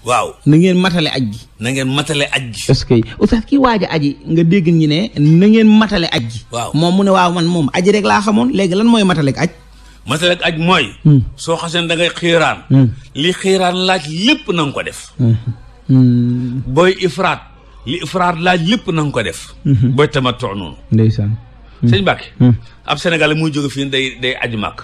waaw na ngeen matale aj gi na ngeen matale aj gi est-ce que oustaz a nga dégg ñi ne na ngeen matale aj waaw moom mu ne waaw man moom aj rek laa xamoon léegi lan mooy matale aj matale aj mooy hmm. soo xasee da ngay xiiraan hmm. li xiiraan laaj lépp na nga ko def hmm. booy ifraat li ifraat laaj lépp na ko def booy tamattu noonu ndeysaan sëñ Mbacke ab Sénégal muy jóge fii day day aj màkk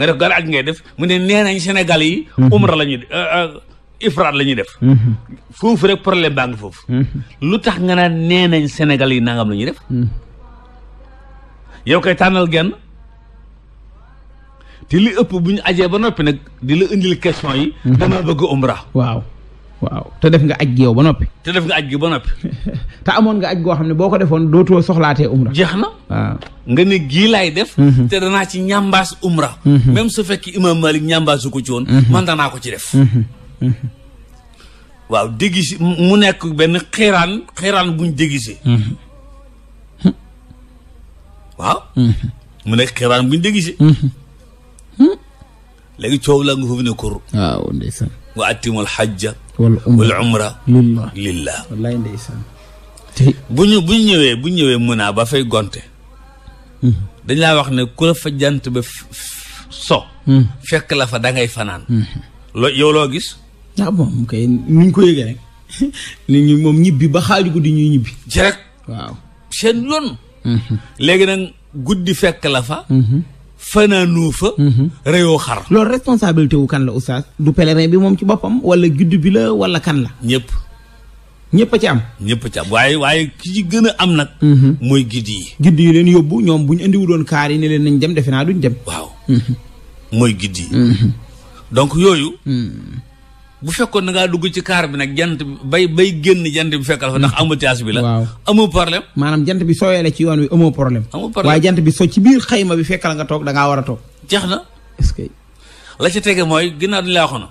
nga def gar aj ngay def mu ne nee nañ yi umra la euh, euh, ifraat la ñuy def. Mhm. foofu rek problème baa ngi foofu. Mhm. lu tax nga naan nee nañ Sénégal yi nangam lañuy ñuy def. Mhm. yow kay tànnal genn te li ëpp bu ñu ajee ba noppi nag di la indil question yi. dama bëgg umra. waaw waaw te def nga aj gi yow ba noppi. te def gi ba noppi. te amoon nga aj goo xam ne boo ko defoon dootoo soxlaatee umra. jeex na nga ne gii laay def. te danaa ci ñambaas umra. même su fekki imaam Malik ñambaasu ko ci woon. man danaa ko ci def. waaw déguisé mu nekk benn xiraan xiraan buñ déguisé mm-hmm. waaw mm-hmm. mu nekk xiraan buñ déguisé mm-hmm. léegi coow la nga foofu kur waaw ndeysaan wa bu ñëwee bu ñëwee mun naa ba fay gonte dañ laa wax ne ku fa jant ba so fekk la fa da fanaan yow loo gis ah moom kay ni ñu ko yëgee rek nit ñi moom ñibbi ba xaaju guddi ñuy ñibbi. ci rek. waaw seen yoon. Mhm. léegi nag guddi fekk la fa. Mhm. fanaanoo fa. Mhm. reyoo xar. loolu responsabilité wu kan la oustaz du pèlerin bi moom ci boppam wala guddi bi la wala kan la. ñëpp. ñëpp a ci am. ñëpp a ci am waaye waaye ki ci gën a am nag. mooy guddi yi. guddi yi leen yóbbu ñoom bu ñu andiwu doon kaar yi leen nañ dem defe naa duñ dem. waaw. mooy guddi yi. donc yooyu. bu fekkoon da ngaa dugg ci kaar bi nag jant bay bay génn jant bi fekkal fa ndax embouteillage bi la. waaw amoo problème. maanaam jant bi sooyee la ci yoon wi amoo problème. amoo problème waaye jant bi soo biir xayma bi fekkal nga toog war a toog. jeex na. ce que. la ci tege mooy ginnaaw dañu laa waxoon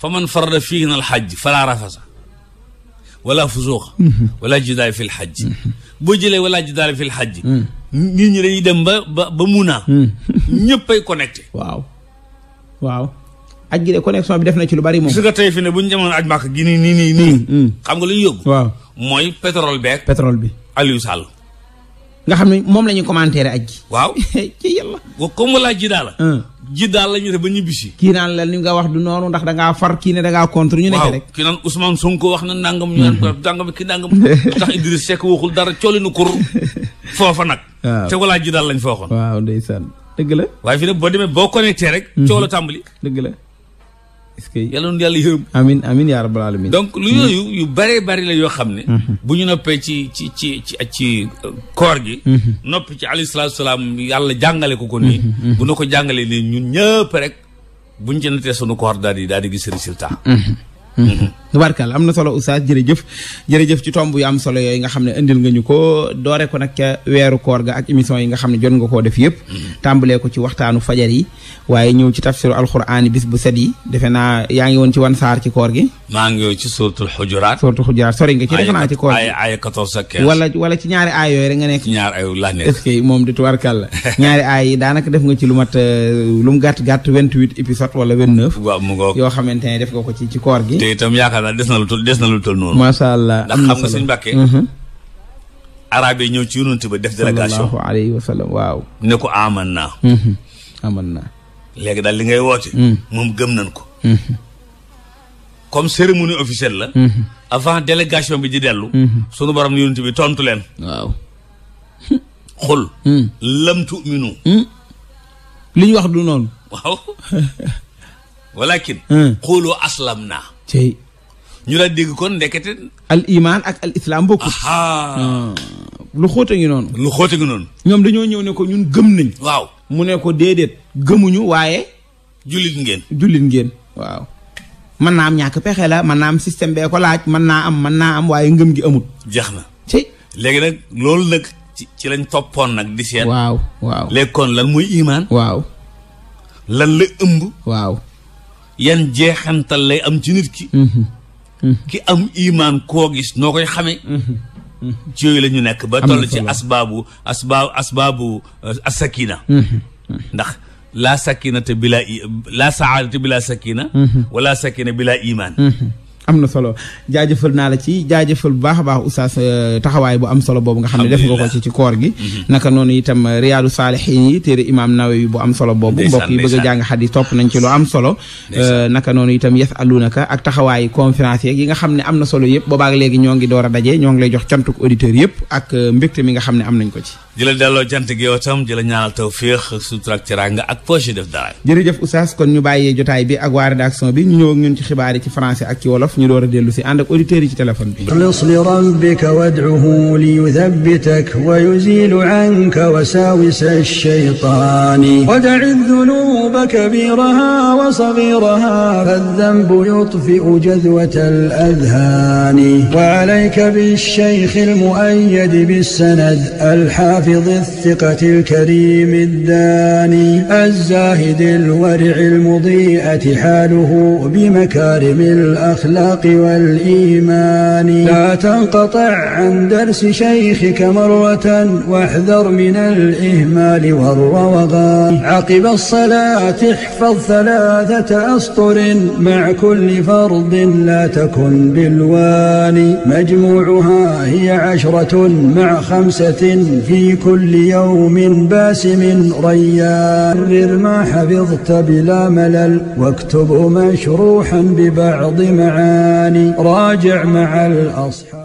fa man farada fii na alxajj falaa rafasa wala fusuuq mhm. wala jidaal fi lxajj mhm. boo jëlee wala jidaal fi lxajj mhm. nit ñi dañuy dem ba ba ba munaa ñëppay connecté waaw waaw aj gi de connexion bi def na ci lu bari moom. gis nga tey fi ne bu ñu demoon aj màkk gi nii nii nii mm, mm. xam nga lu ñu yóbbu. waaw mooy pétrole beeg. pétrole bi Aliou Sall. nga xam ne moom la ñuy commentaire aj gi. waaw ci yàlla. wa laa ji daal. Mm. ji daal la ñu def ba ñibbi kii naan la li nga wax du noonu ndax da ngaa far kii ne da ngaa contre rek. waaw kii naan Ousmane Sonko wax na nangam. ñu naan nangam kii nangam. tax Idriss dara coolinu kur. foofa nag. waaw te walaa ji daal lañ dëgg la. waaye fi ne boo demee boo connecté rek. Mm-hmm. coow la tàmbali dëgg la est-ce que yàlla na yàlla yërëm. amiin amiin yaa rabbal alamin donc lu yooyu yu bëree bëri la yoo xam ne. Mhm. bu ñu noppee ci ci ci ci ci euh, koor gi. Mhm. noppi ci alayhi salaatu salaam yàlla jàngale ko ko nii. Mhm, bu na ko jàngalee nii ñun ñëpp rek buñ ci nattee sunu koor daal di daal di gis résultat. tubaarkal am na solo oustaz jërëjëf jërëjëf ci tomb yu am solo yooy nga xam ne indil nga ñu ko doore ko nag ca weeru koor ga ak émission yi nga xam ne jot nga koo def yëpp mm-hmm. tàmbalee ko ci waxtaanu fajar yi waaye ñëw ci tafsiru alquran bis bu set yi defe naa yaa ngi woon ci wan saar ci koor gi maa ngi woon ci suratul xujuraat suratul xujuraat sori nga ci defe naa ci koor gi ay wala ci ñaari aay yooyu rek nga nekk ci ñaari aay laa nekk est moom di tubaarkal la ñaari aay yi daanaka def nga ci lu mat euh, lu gat gàtt gàtt vingt-huit wala vingt-neuf yoo xamante ne def nga ko ci ci koor gi yaakaar naa des na lu tol des na lu tol allah am na solo ndax xam nga sëñ Mbàkke. Mhm. arabe yi ñëw ci yonent ba def délégation. waaw. ne ko aman naa. Mhm. aman daal li ngay woote. Mhm. moom gëm nañ ko. comme cérémonie officielle la. avant délégation bi di dellu. sunu borom ni yonent bi tontu leen. waaw. xul. lam tu'minu. li wax du noonu. waaw. walakin. xooloo aslam naa. ñu daal dégg kon ndekete. al iman ak al islam bokkul. Ah. lu xóote ngi noonu. lu xóote noonu. ñoom dañoo ñëw ne ko ñun gëm nañ. waaw mu ne ko déedéet gëmuñu waaye. jullit ngeen. jullit ngéen waaw. mën naa am ñàkk pexe la mën naa am système bee ko laaj mën naa am man naa am waaye ngëm gi amut. jeex na. ci léegi nag loolu nag ci lañ toppoon nag di seet. kon lan mooy iman. waaw. lan la ëmb. waaw. yan jeexantal lay am ci nit ki. Mhm. ki am imaan koo gis noo koy xamee. ci yooyu la ñu nekk ba toll ci asbaabu asbaabu asbaabu uh, asakina. Mhm. ndax laa sakina bila bilaa laa saada te bilaa sakina. Mhm. wala sakina bilaa imaan. Mhm. am na solo jaajëfal naa la ci jaajëfal bu baax a baax oustaz euh, taxawaay bu am solo boobu nga xam ne def nga ko ci ci koor gi naka noonu itam riyaadu saalihin yi téere imaam Nawawi bu am solo boobu mbokk yi bëgg a jàng xadis topp nañ ci lu am solo euh, naka noonu itam yes alunaka ak taxawaay conférence yi nga xam ne am na solo yëpp boobaak léegi ñoo ngi door a dajee ñoo ngi lay jox cantuk auditeurs yëpp ak euh, mbégte mi nga xam ne am nañ ko ci di la delloo jant gi yow tam di la ñaanal tawféex ak sutura ak teraanga ak projet def dara jërëjëf Oustaz kon ñu bàyyee jotaay bi ak waa rédaction bi ñu ñëw ak ñun ci xibaar yi ci français ak ci wolof ñu door a dellu si ànd ak auditeurs yi ci téléphone bi ixlis li rabbika wad'uhu li yuthabbitak wa yuzilu anka wasawisa ash-shaytani wad'i dhunuba kabiraha wa saghiraha fadh-dhanbu yutfi'u jadwata al-adhani wa alayka bish-shaykh al-mu'ayyad bis-sanad al-hafiz الحافظ الثقة الكريم الداني الزاهد الورع المضيئة حاله بمكارم الأخلاق والإيمان لا تنقطع عن درس شيخك مرة واحذر من الإهمال والروغان عقب الصلاة احفظ ثلاثة أسطر مع كل فرض لا تكن بالواني مجموعها هي عشرة مع خمسة في كل يوم باسم ريان مرر ما حفظت بلا ملل واكتبه مشروحا ببعض معاني راجع مع الأصحاب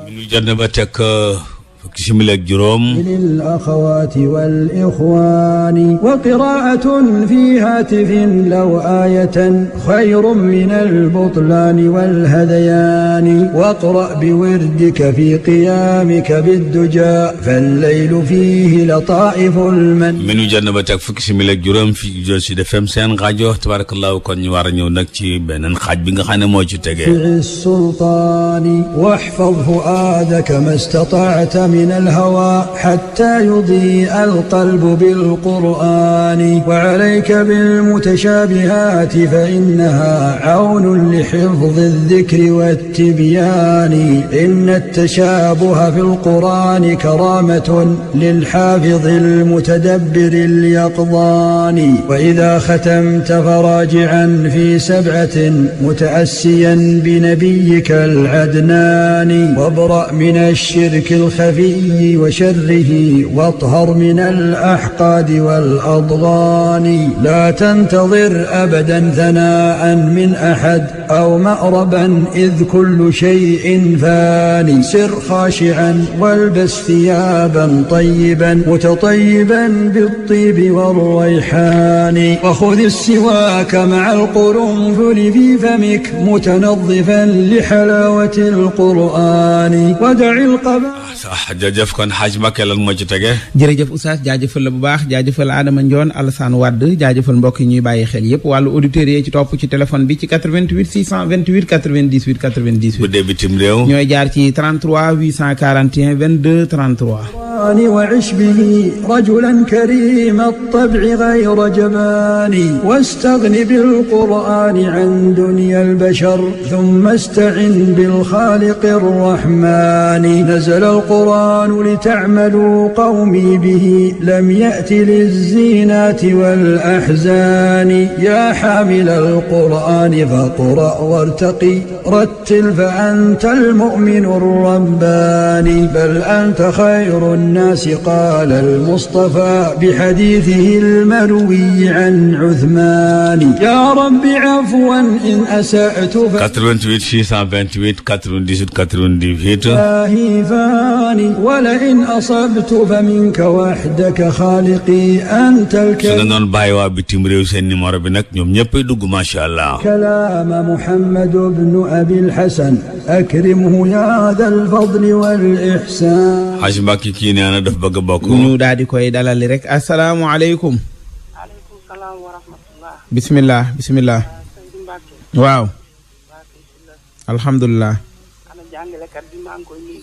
fukki simili ak juróom lil axawaati wal ixwaani wa qiraatun fi hatifin law aayatan xayrun min albutlaani wal hadayaani waqra bi wirdika fi qiyaamika biddujaa fallaylu fiihi lataa'iful man minu jànn ba teg fukki simili ak juróom fii jo si defem seen rajo tabarakallahu kon ñu war a ñëw nag ci beneen xaaj bi nga xam ne moo ci tegee من الهوى حتى يضيء القلب بالقرآن وعليك بالمتشابهات فإنها عون لحفظ الذكر والتبيان إن التشابه في القرآن كرامة للحافظ المتدبر اليقظان وإذا ختمت فراجعا في سبعة متأسيا بنبيك العدنان وابرأ من الشرك الخفي النبي وشره واطهر من الأحقاد والأضغان لا تنتظر أبدا ثناء من أحد أو مأربا إذ كل شيء فاني سر خاشعا والبس ثيابا طيبا متطيبا بالطيب والريحان وخذ السواك مع القرنفل في فمك متنظفا لحلاوة القرآن ودع القبائل ah jërëjëf kon xaaj Mbàkke lan moo ci tege jërëjëf oustaz jaajëfal la bu baax jaajëfal Adama Ndione Alassane Wade jaajëfal mbokk yi ñuy bàyyi xel yépp wàllu auditeurs yi ci topp ci téléphone bi ci 88 628 98 98 bu dee bitim réew ñooy jaar ci 33 841 22 33 وعش به رجلا كريم الطبع غير جبان واستغن بالقرآن عن دنيا البشر ثم استعن بالخالق الرحمن نزل القرآن القرآن لتعملوا قومي به لم يأت للزينات والأحزان يا حامل القرآن فاقرأ وارتقي رتل فأنت المؤمن الرباني بل أنت خير الناس قال المصطفى بحديثه المروي عن عثمان يا رب عفوا إن أسأت 88 628 98 98 الأوطان ولئن أصبت فمنك وحدك خالقي أنت الكريم su doon bàyyi waa bitim réew seen numéro bi nag ñoom ñëpp dugg macha allah. كلام محمد بن أبي الحسن أكرمه يا ذا الفضل والإحسان. Xaj Mbàkke kii nee na daf bëgg a bokk. ñu daal di koy dalali rek asalaamualeykum. aleykum salaam wa rahmatullah. bisimilah bisimilah. waaw. alhamdulilah. jàngalekat bi maa ngi koy nuyu.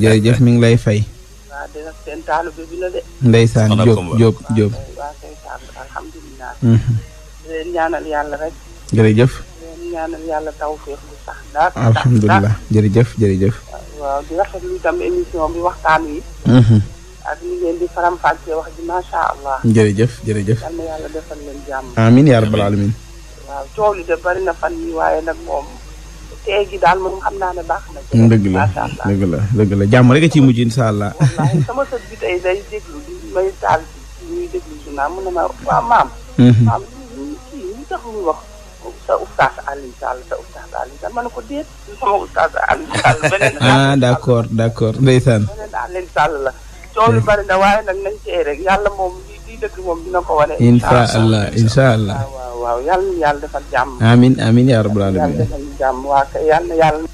jërëjëf mi ngi lay fay. waaw dina seen taalibe bi la de. ndeysaan alhamdulilah. Mhm. di yàlla rek. jërëjëf. di yàlla tawféex bu sax daal. alhamdulilah jërëjëf jërëjëf. waaw di rafetlu mhm. allah. jërëjëf jërëjëf. yal na yàlla defal waaw coow de bari fan yii waaye nag moom. tey jii daal moom xam naa ne baax na. dëgg la dëgg jàmm rek a mujj incha sama sët bi tey day déglu may taal ñuy déglu si maam mu ne ma waaw maam. Mhm. maam kii ñu tax sa oustaz Alioune Sall sa oustaz Alioune Sall ma sama oustaz Alioune Sall beneen. ah d' waaye nag nañ cee yàlla moom lii dëgg moom dina ko wane. incha allah waaw yàlla na yàlla defal jàmm. amiin amiin yaa rabbal aalamiin yàlla defal jàmm waa yàlla yàlla.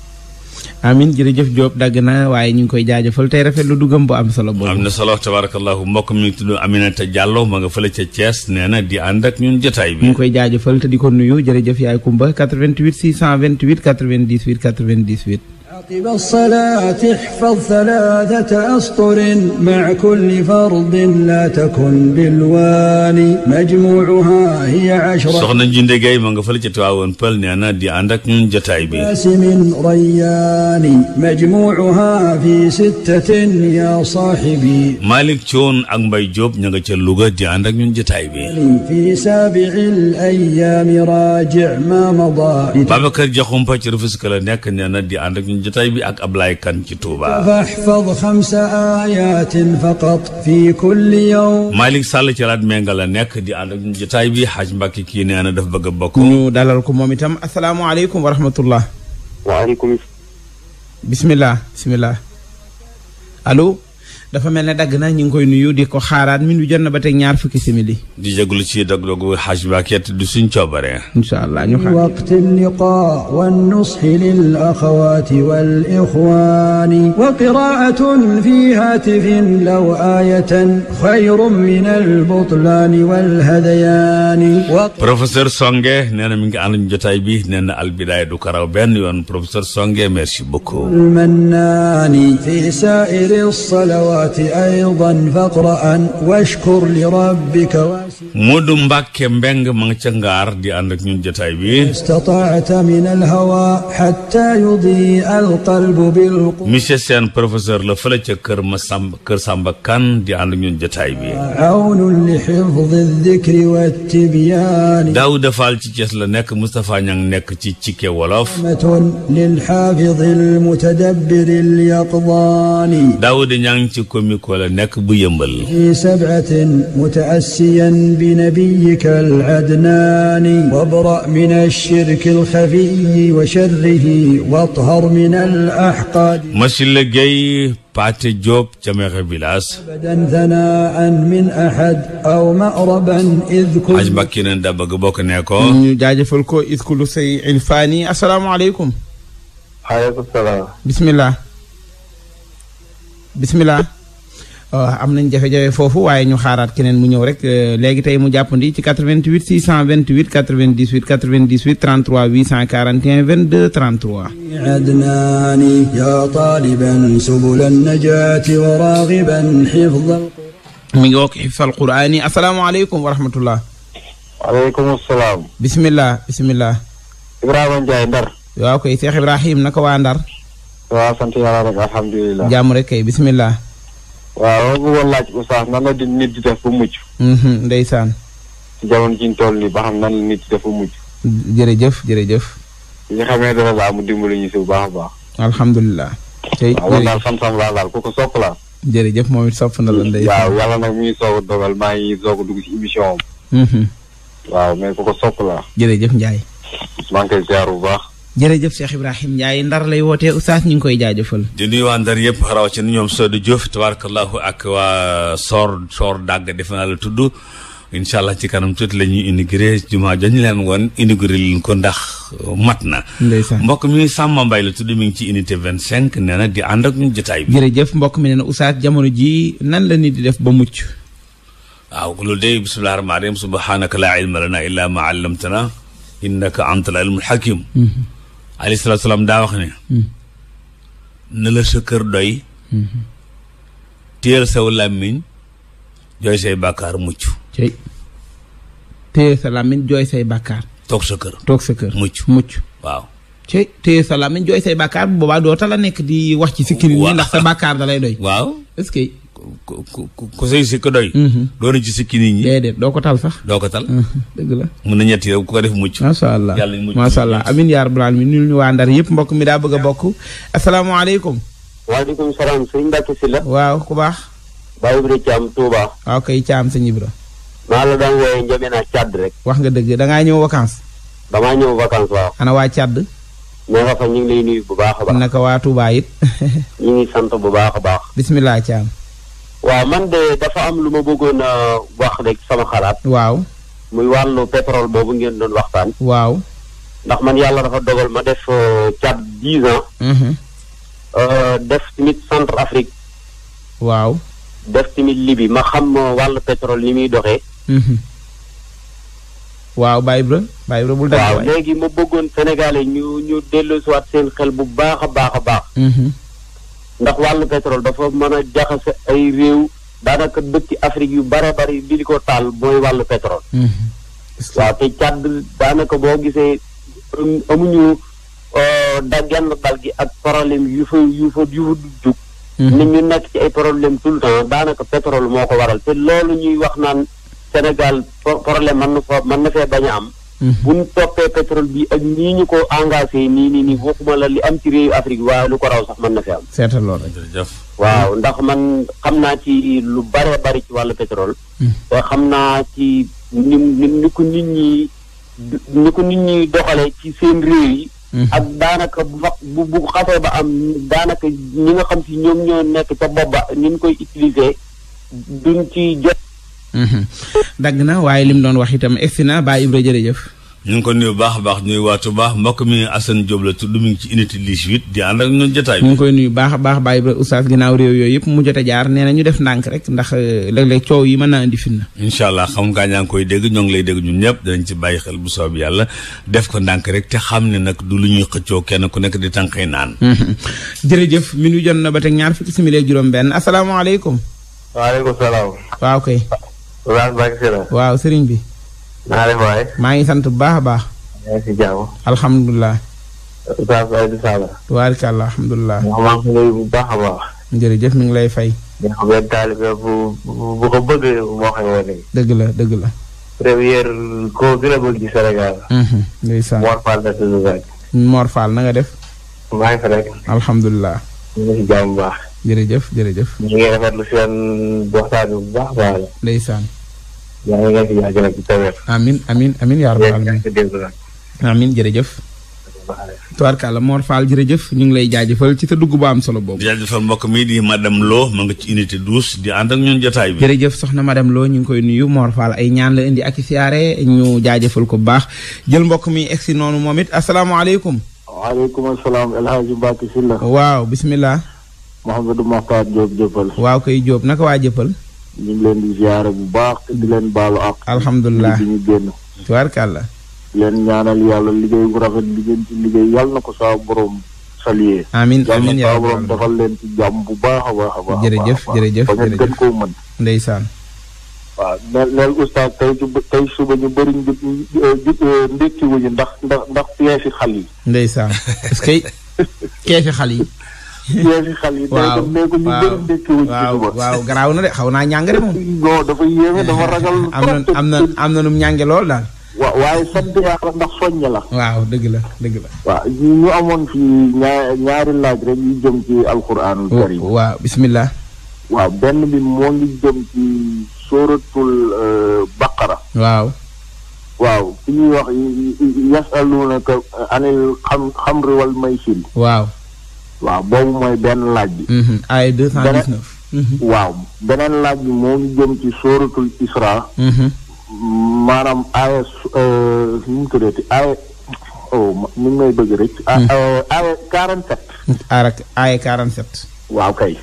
amin jërëjëf Diop dagg na waaye ñu ngi koy jaajëfal tey rafet lu duggam bu am solo boobu am na solo tabarakallahu mbokk mi ngi tudd Aminata Diallo ma nga fële ca Thiès nee na di ànd ak ñun jotaay bi ñu ngi koy jaajëfal te di ko nuyu jërëjëf yaay Kumba 88 628 98 98 عقب الصلاة احفظ ثلاثة أسطر مع كل فرض لا تكن بالوالي مجموعها هي عشرة soxna Jinde Gaye ma nga fële ca Tiwaawoon Pël nee na di ànd ak ñun jotaay bi من ريان مجموعها في ستة يا صاحبي Malick Thion ak Mbaye Diop ña nga ca Louga di ànd ak ñun jotaay bi في سابع الأيام راجع ما مضى Babacar Diakhoumpa ci Rufisque la nekk nee na di ànd ak ñun jotaay bi ak Ablaye Kane ci Touba. fahfad xamsa fi kulli yawm. Malick Sall ci raat Menga la nekk di ànd ak jotaay bi xaaj Mbàkke kii nee na daf bëgg a dalal ko moom itam asalaamaaleykum wa rahmatullah. waaleykum. dafa mel ne dagg na ñu ngi koy nuyu di ko xaaraat min bi jot na ba teg ñaar fukki simili di jégalu ci dagg-daggu xaaj Mbàkke du suñ coobare incha allah ñu xaar waqti liqa wannushi lil axawaati wal ixwaani wa qiraatun fi hatifin law aayatan xayrun min al butlaani wal hadayaani professeur Songe nee na mi ngi ànd jotaay bi nee na albidaaya du karaw benn yoon professeur Songe merci beaucoup الصلاة أيضا فاقرأ واشكر لربك Moodu Mbàkke Mbeng ma nga ca ngaar di ànd ak ñun jataay bi istataata min alhawa xatta yudi alqalb bil monsieur Sène professeur la fële ca kër ma sàmb kër Sàmba Kan di ànd ak ñun jataay bi awnun li xifdi dikri wa tibyaani Daawuda Faal ci Cees la nekk Moustapha Ñang nekk ci Cikke Wolof lil xaafidi al mutadabbiri al yaqdaani Daawuda Ñang ci Komiko la nekk bu yëmbal fi sab'atin mutaassiyan بنبيك العدنان وابرأ من الشرك الخفي وشره واطهر من الأحقاد Masila Gueye Pathé Diop ca Mekhe Village abadan thanaan min ahad aw maraban aj mbàkki nañ da bëgg bokk ne ko ñu jaajëfal ko iskulu say ilfaani asalaamaaleykum aleykum salaam bismillah bismillah Euh, am nañ jafe-jafe foofu waaye ñu xaaraat keneen mu ñëw rek euh, léegi tey mu jàppandi ci 88 628 98 98 33 841 22 33 adnaani ya taliban subula najaati wa ragiban xifda mi ngi wokk xifsa al quraani asalaamaaleykum wa rahmatullah waaleykum salaam bismillah bismillah Ibrahima Ndiaye Ndar waaw koy Cheikh Ibrahim waa Ndar waaw sant yàlla kay bismillah waaw ma bëggoon laaj oustaz nan la di nit di def ba mucc. Mhm, ndeysaan. ci jamono ji ñu toll nii ba xam nan la nit di def jërëjëf jërëjëf. li xamee dara laa mu dimbali ñu bu baax a baax. alhamdulilah. tey jërëjëf waaw daal xam-xam ko sopp jërëjëf moom it sopp na la ndeysaan. waaw yàlla nag mi ngi soog a dogal maa ngi soog a dugg ci émission mhm. waaw mais ku ko sopp laa. jërëjëf Ndiaye. maa ngi koy ziar bu baax. jërëjëf Cheikh Ibrahim Ndiaye ndar lay wootee oustaz ñu ngi koy jaajëfal. di nuyu waa ndar yëpp rawatina ñoom Sodou Diouf tabarakallahu ak waa Soor Soor Dagg defe naa la tudd incha allah ci kanam tuuti la ñuy inauguré jumaa joñ leen woon inauguré leen ko ndax mat na. ndeysaan mbokk mi Samba mbay la tudd mi ngi ci unité 25 nee na di ànd ak ñun jotaay bi. jërëjëf mbokk mi nee na oustaz jamono ji nan la nit di def ba mucc. waaw loolu de bisimilah rahmaani rahim subhanaka laa ilma lana illaa ma allamtana innaka antal alimul hakim mhm. alayhi salaam daa wax ne na la sa kër doy téyel saw làmmiñ jooy say bàkkaar mucc téye sa làmmiñ jooy say bàkkaar toog sa kër toog sa kër mucc mucc waaw cey téye sa làmmiñ jooy say bàkkaar bu boobaa doota la nekk di wax ci sikkiri ni ndax sa bàkkaar da lay doy waaw ku ku ku say sikk doy. Mhm. doon ci sikki nit ñi. déedéet doo ko tal sax. doo ko tal. Mhm, dëgg la mun na ñetti yow ku ko def mucc. macha allah yàlla mucc macha allah amiin yaa rabbal aalamiin waa ku baax. Baye Ibra Thiam Touba. waaw ah, kay Thiam sëñ Ibra. maa la daan wooyee njëmee naa Tchad rek. wax nga dëgg dangaa ñëw vacances. damaa ñëw vacances waaw. ana waa Tchad. naka fa ñu ngi lay nuyu bu baax a baax. naka waa Touba it. baax a baax. bisimilah Thiam. waaw man de dafa am lu ma bëggoon a wax rek sama xalaat. waaw muy wàllu pétrole boobu ngeen doon waxtaan. waaw ndax man yàlla dafa dogal ma def euh, Tchad dix ans. Mhm. Euh, def tamit centre Afrique. waaw def tamit Libye ma xam euh, wàll pétrole ni muy doxee. Mhm. waaw Baye Ibra Baye Ibra bul. waaw léegi ma bëggoon Sénégalais ñu ñu delloosiwaat seen xel bu baax a baax a baax. Mhm. ndax wàllu petrole dafa mën a jaxase ay réew daanaka dëkki Afrique yu bare bari li ko tàll mooy wàllu pétrole. Mhm. waaw te càdd daanaka boo gisee amuñu euh, da genn dal gi ak problème yu fa yu fa yu fa mhm. nit ñu nekk ci ay problème tout le temps daanaka pétrole moo ko waral te loolu ñuy wax naan Sénégal problème mën na fa mën na fee bañ a am. Mm-hmm. bu ñu toppee pétrole bi ak nii ñu ko engagé nii nii nii waxuma la li am ci réew Afrique waaye lu ko raw sax mën na fi am. seetal loolu rek waaw ndax man xam naa ci lu bare bari ci wàllu pétrole. Mm. te xam naa ci ni ni ko nit ñi ni nit ñi doxalee ci seen réew yi. Mm-hmm. ak daanaka bu fa bu bu xasee ba am daanaka ñi nga xam si ñoom ñoo nekk ca bopp ba ñu ñu koy utiliser duñ ci jot. Mhm. dagg na waaye lim doon wax itam egsi na Baye Ibra jërëjëf. ñu ngi ko nuyu baax a baax ñuy waatu baax mbokk mi Assane Diop la tudd mi ngi ci unité 18 di ànd ak koy nuyu a baax Baye Ibra oustaz ginnaaw réew yooyu yëpp mu jot a jaar nee na ñu def rek ndax euh, léeg-léeg coow yi mën naa indi fitna. incha allah xam nga ñaa ngi koy dégg ñoo ngi lay dégg ñun ñëpp danañ ci bàyyi xel bu soob yàlla def ko ndànk rek xam ne nag du lu ñuy xëccoo kenn ku nekk di tànqee naan. Mhm. jërëjëf mi ngi jot na ba teg ñaar fukki simili juróom-benn asalaamaaleykum. waaleykum salaam. waaw kay. waaw sëriñ bi. naa def maa ngi sant bu baax a baax. yaa ngi si jàmm. alhamdulilah. ngi lay bu baax a baax. jërëjëf mi ngi lay fay. ñu bu bu ko bëgg moo xam woon léegi. dëgg la dëgg la. première koo a bëgg ci Sénégal. Mhm, ndeysaan Mor Fall la def. maa jërëjëf jërëjëf. ñu ngi rafetlu la. ndeysaan. yaa ngi leen di jaajëfal ci tawéer. amiin amiin amiin yaa rabbal aalamiin. amiin jërëjëf. ñu ngi lay jaajëfal ci sa dugg am solo boobu. jaajëfal mbokk mi di madame Lo ma ci unité 12 di ànd ak ñun jotaay bi. jërëjëf ñu ngi koy nuyu Mor Fall ay ñaan la indi ak i siyaare ñu jaajëfal ko bu baax jël mbokk mi egsi noonu moom it asalaamaaleykum. waaleykum salaam El Hadj waaw bisimilah. Mouhamadou Mokhtar Diop jëppal waaw kay Diop naka waa jëppal ñu ngi leen di ziare bu baax te di leen baalu ak alhamdulilah ñu génn tubaarkàlla di leen ñaanal liggéey bu rafet bi ngeen ci liggéey yàlla na ko saa borom saluer amiin amiin yàlla saa borom defal leen ci jàmm bu baax a baax a baax jërëjëf jërëjëf ba ngeen gën koo mën ndeysaan waaw neel neel oustaz tey tey suba ñu bëri euh, euh, ndékki ndax ndax ndax pièces yi xal yi ndeysaan parce que keefi xal yi yeewi xal yi. waaw waaw waaw waaw garaaw na de xaw naa ñàng de moom. non dafa yéeme dafa ragal. am na am na am na nu mu ñànge lool daal. waaw la. waaw dëgg la dëgg la. waaw ñu amoon fi ñaari laaj rek yu jëm ci alxuraanul oh, karim. waaw bismillah. waaw benn bi moo ngi jëm ci sóoratul euh, baqara. waaw. waaw fi ñuy wax yasalunaka anil xam xamri wal maysir. waaw. waaw boobu mooy benn laaj bi. Mhm, ay 219. Mhm. waaw beneen laaj bi moo ngi jëm ci sóoratul Isra. Mhm. maanaam aaya euh, nu mu tuddati aaya oh mi ngi bëgg rek. Ah, euh, aaya 47. aara ah, aaya 47. waaw kay.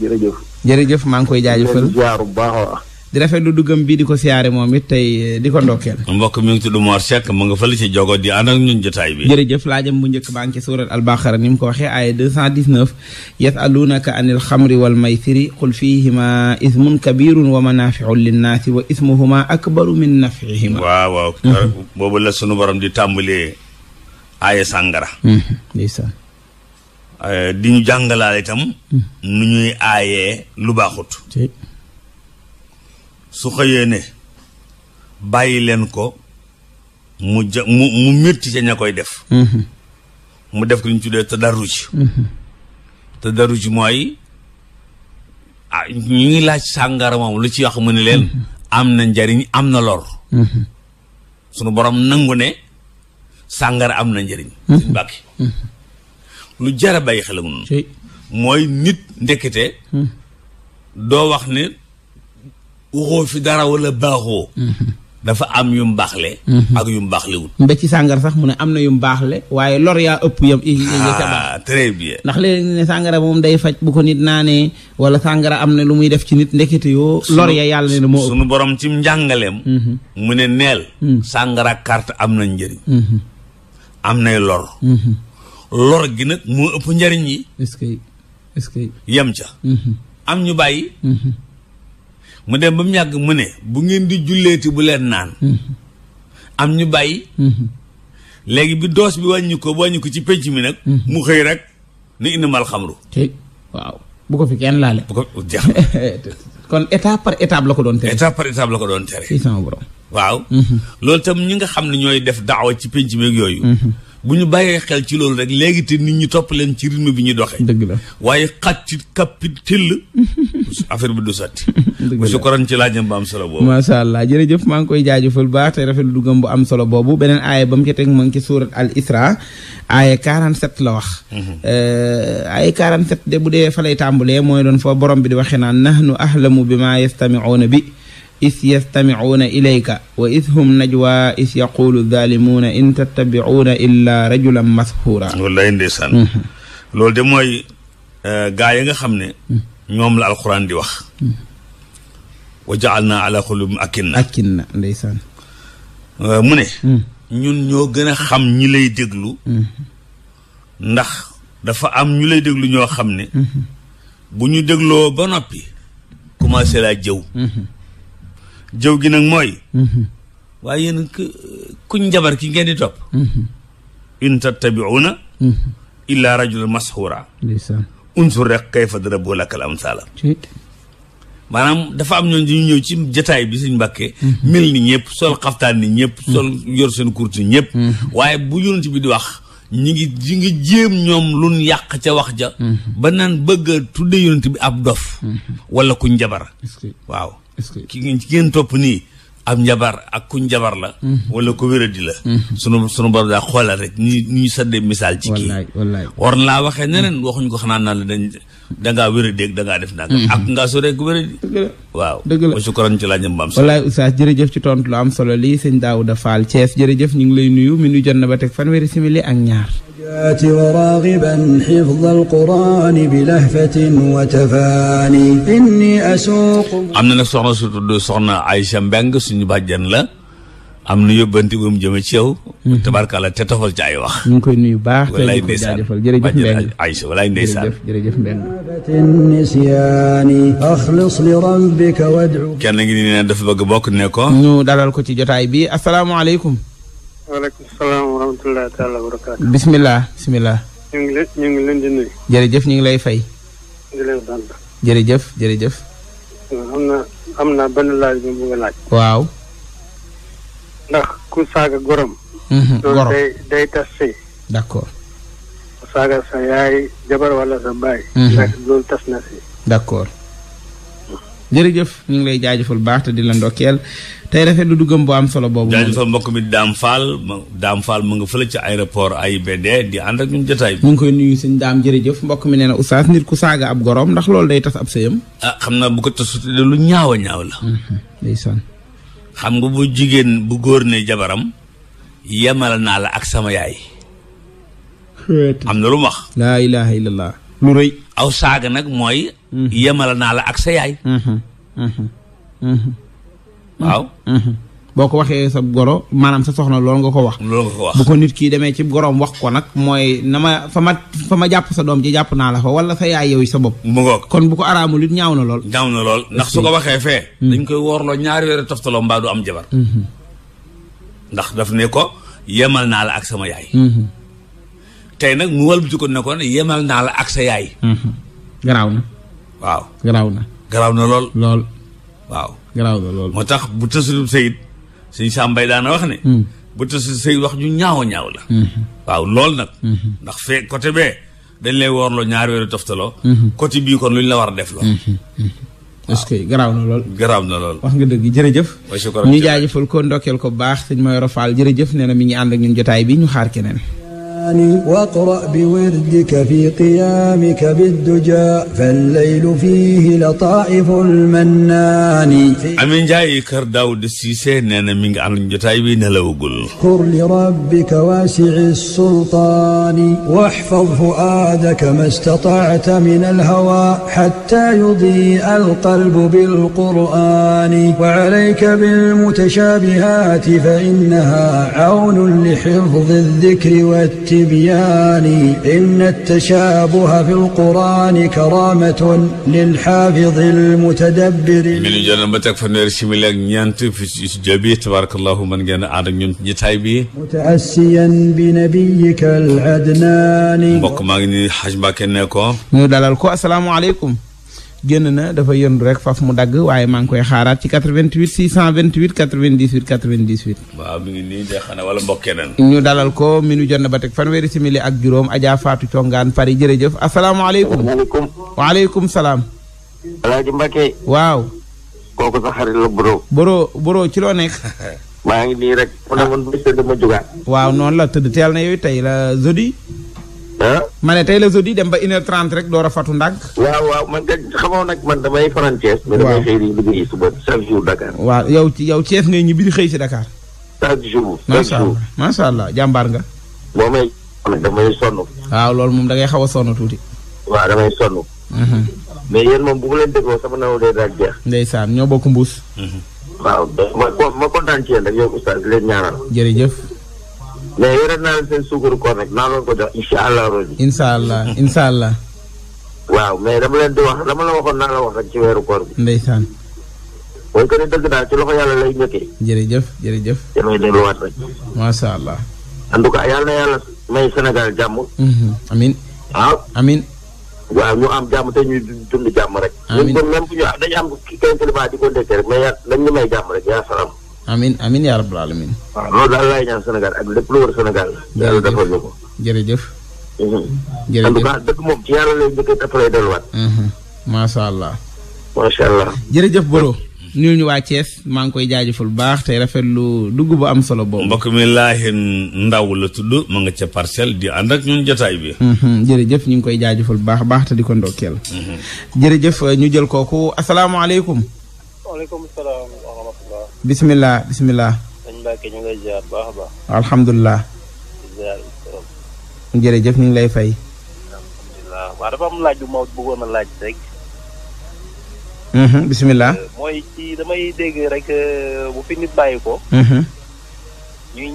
jërëjëf. jërëjëf maa ngi koy jaajëfal. jërëjëf bu baax di rafetlu duggam bii di ko siyaare moom it tey eh, di ko ndokkeel mbokk mi ngi tudd Mor Seck mu nga fële ci jogo di ànd ak ñun jotaay bi jërëjëf laajam bu njëkk baa ngi ci suurat albaqara ni mu ko waxee aaya 219 yasalunaka anil xamri wal maysiri qul fihima ismun kabirun wa manafiu linnaasi wa ismuhuma akbaru min nafihima waaw waaw mhm. boobu la sunu borom di tàmbalee aaya sàngara mhm. eh, di ñu jàngalaal itam mhm. nu ñuy aayee lu baaxut su xëyee ne bàyyi leen ko mu ja mu mu mirti ca ña koy def mhm. mu def ko ñu tuddee tadaruj mhm. tadaruj mooy ah ñu ngi laaj sàngara moom lu ci wax mu ni leen mhm. am na njariñ am na lor sunu borom nangu ne sàngara am na njariñ lu jara bàyyi xelam noonu mooy nit ndekete doo wax ne waxoo fi dara wala baaxoo. Mm-hmm. dafa am yu mbaaxle. Mm-hmm. ak yu mbaaxlewul. mba ci sàngara sax mu ne am na yu mbaaxle waaye lor yaa ëpp yam yi ah ndax sàngara moom day faj ko nit naanee wala sàngara am na lu muy def ci nit ndekete yoo. lor yàlla ne ne borom ci mm-hmm. mu ne neel. sàngara carte am na njëriñ. am nay lor. yi. est-ce yem ca. am ñu bàyyi. mu dem ba mu ñàgg mu ne bu ngeen di julleeti bu leen naan mm-hmm. am ñu bàyyi mm-hmm. léegi bi doos bi wàññi ko wàññi ko ci pénc mi nag mm-hmm. mu xëy rek ni innamal xamru waaw bu ko fi kenn laale bu ko jeex kon étape par étape la ko doon tere étape par étape la ko doon tere ci sama waaw loolu tam ñi nga xam ne ñooy def daawa ci pénc mi yooyu bu ñu bàyyee xel ci loolu rek léegi te nit ñu topp leen ci rythme bi ñuy doxee. dëgg la waaye xat ci capital. affaire bi du sotti. dëgg la su koran ci laajam ba am solo boobu. macha allah jërëjëf maa ngi koy jaajëfal baax te rafet dugam bu am solo boobu beneen aaya ba mu ca teg mu ngi ci suurat al isra aaye aaya 47 la wax. Mhm. Euh, aaya 47 de bu dee fa lay tàmbalee mooy doon foo borom bi di waxee naan nahnu ahlamu bi maa yastamiuuna bi. is yastamicuuna ilayka wa is hum najwa is yaquulu zaalimuuna in tattabicuuna illaa rajulan mashuura wallaay ndeysaan loolu de mooy gaa yi nga xam ne ñoom la alquran di wax wa jaalna ala xulubim akinna akinna ndeysaan mu ne ñun ñoo gën a xam ñi lay déglu ndax dafa am ñu lay déglu ñoo xam ne bu ñu dégloo ba noppi commencé laa jëw jëw gi nag mooy mhm. waaye yéen kuñ njabar ki ngeen di topp mhm. in tattabi'una mhm. illa rajulan mashura unsur rek kayfa darabu am amsala maanaam dafa am ñoon ñu ñëw ci jataay bi suñ mbàkkee mel ni ñëpp sol xaftaan ni ñëpp sol yor seen kurt ni ñëpp waaye bu yonent bi di wax ñu ngi ñi jéem ñoom lu yàq ca wax ja ba naan bëgg a tudde yonent bi ab dof walla kuñ jabar waaw ki ngeen ki ngeen topp nii ab njabar ak ku jabar la mhm. wala ko wéradi la mhm. su nu borom daa xoolal rek ni ñu saddee misaal ci kii war laa waxee neneen waxuñ ko xanaa naan la dañ dangaa wér a dégg dangaa def naa mhm. ak ngaa su rek wér a waaw dëgg la sukkuran ci laaj mbaam wallaay oustaz jërëjëf ci tontu lu am solo lii sëñ Daouda Fall Thiès jërëjëf ñu ngi lay nuyu mi nu jot na ba teg fanweeri simili ak ñaar وراغبا حفظ القرآن am na nag soxna su tudd soxna Aïcha Mbeng suñu bàjjan la am na yóbbante bu mu jëme ci yow. Mhm. tabarkalla te tofal ci ay wax. ñu ngi koy nuyu baax te ñu koy jaajëfal jërëjëf Mbengue Aïcha walaay ndeysaan jërëjëf jërëjëf Mbengue. kenn ngi ne dafa bëgg bokk ne ko. ñu dalal ko ci jotaay bi asalaamaaleykum. waaleykum salaam wa rahmatullahi taala wa barakaatu. bisimilah bisimilah. ñu ngi leen ñu ngi leen di nuyu. jërëjëf ñu ngi lay fay. di leen sant. jërëjëf jërëjëf. am na am na benn laaj bu mu bëgg a laaj. waaw. ndax ku saaga gorom. Mhm, loolu day day tas sëy. d'accord. saaga sa yaay jabar wala sa baay. Mhm. ndax loolu tas na sëy. d'accord. jërëjëf ñu ngi lay jaajëfal baax te di la ndokkeel tey rafet lu duggam bu am solo boobu. jaajëfal mbokk mi Dame Fall Dame Fall mu nga fële ci aéroport AIBD di ànd ak ñun jotaay bi. mu ngi koy nuyu sëñ Dame jërëjëf mbokk mi nee na oustaz nit ku saaga ab gorom ndax loolu day tas ab sëyam. ah xam naa bu ko tasut lu ñaaw a ñaaw la. Mhm, xam nga bu jigéen bu góor ne jabaram yemal naa la ak sama yaay am na lu mu wax laa ilaha illallah lu rëy aw saaga nag mooy mhm. yemal naa la ak sa yaay mhm. Mhm. waaw boo ko waxee sa goro maanaam sa soxna loolu nga ko wax loolu nga ko wax bu ko nit kii demee ci goroom wax ko nag mooy na ma fa ma fa ma jàpp sa doom ji jàpp naa la fa wala sa yaay yow sa bopp mu ngoog kon bu ko araamul it ñaaw na lool ñaaw na lool ndax su ko waxee fee hmm. dañ koy woorloo ñaari weer toftaloo mbaa du am jabar hmm. ndax daf ne ko yemal naa la ak sama yaay hmm. tey nag mu ko ne ko yemal naa sa yaay garaaw na waaw garaaw na lool moo tax bu tësulub sayit suñ sàmbay daana wax ne hmm. bu tasi sëy wax ju ñaaw ñaaw la hmm. waaw lool nag hmm. ndax fee côté bee dañ lay woorloo ñaari weeru toftaloo côté bii kon lu ñu la war a def loo est-ce que garaaw na lool garaaw na lool wax nga dëgg jërëjëf ñu jaajëfal ko ndokkeel ko baax sëñ Mayoro Fall jërëjëf nee na mi ngi ànd ak ñun jotaay bi ñu xaar keneen القرآن واقرأ بوردك في قيامك بالدجى فالليل فيه لطائف المنان Amin Njaay kër Daawuda Siise nee na mi ngi am jotaay bi nelawagul اذكر لربك واسع السلطان واحفظ فؤادك ما استطعت من الهوى حتى يضيء القلب بالقرآن وعليك بالمتشابهات فإنها عون لحفظ الذكر والتلاوة الصبيان إن التشابه في القرآن كرامة للحافظ المتدبر minu jonoon ba teg fanweeri simili ak ñeent fi studio bi tabarakallahu mën ngeen ànd ak ñun jitaay bi متأسيا بنبيك العدنان mbokk maa ngi ni xaj Mbàkke ne ko ñu dalal ko asalaamaaleykum génn na dafa yëndu rek faf mu dagg waaye maa ngi koy xaaraat ci 88 628 98 98. waaw mi ngi nii de xanaa wala mbokk na ñu dalal ko mi nu jot na ba teg fanweeri simili ak juróom Adja Fatou Thiongaan Paris jërëjëf asalaamaaleykum. waaleykum waaleykum salaam. El Hadj waaw. kooku sa xarit la Boro. ci loo nekk. maa ngi nii rek. mu ne man bés dama waaw noonu la tëdd teel na yooyu tey la jeudi. ah. ma ne tey la di dem ba une heure rek door a fatu ndànk. waaw waaw man de xamoo nag man damay faral Thiès. waaw mais damay xëy di liggéeyi ci yow Thiès ngay ñibbi di xëy si Dakar. chaque jour chaque jour macha allah jàmbaar nga. boo may damay sonn. waaw loolu moom da ngay xaw a sonn tuuti. waaw damay sonn. Mhm. mais yéen moom bu leen déggoo sama naw day daal jeex. saan ñoo bokk mbuus. waaw ma kontaan ci yéen rek yow oustaz di leen ñaanal. jërëjëf. mais yore naa leen seen sukkur koor nag naa leen ko jox incha allah rabi. incha allah incha allah. waaw mais dama leen di wax dama la waxoon naa la wax rek ci weeru koor bi. ndeysaan. mooy que ne dëgg daal ci loxo yàlla lay njëkkee. jërëjëf jërëjëf. damay delluwaat rek. macha allah. en tout cas yàlla na yàlla may Sénégal jàmm. Mhm, ah. jàmm te ñuy dund jàmm am kii kayit li baax di ko dëkkee rek mais yàlla dañ ñu may jàmm rek yaa salaam. amin amin yaa rabbal alamin waaw daal laay ñaan Sénégal ak lépp lu wër Sénégal. yàlla defal ñu ko jërëjëf mhm. jërëjëf en tout cas dëkk moom ci yàlla lay njëkkee dafa lay delluwaat. Mhm. macha allah. macha allah. jërëjëf Boro. nuyu ñu waa maa ngi koy jaajëfal bu baax rafet lu dugg bu am solo boobu. mbokk mi laahi ndaw la tudd ma nga ca parcelle di ànd ak ñun jotaay bi. Mhm. jërëjëf ñu ngi koy jaajëfal bu baax baax te di ko ndokkeel. jërëjëf ñu jël kooku asalaamaaleykum. waaleykum salaam. bisimilah bisimilah. sëñ Mbacke ñu ngi lay ziar baax a baax. ñu lay fay. alhamdulilah laaj bu ma bëggoon a laaj rek. Mhm, bisimilah. Euh, mooy ci damay dégg rek euh, bu fi nit bàyyi mhm.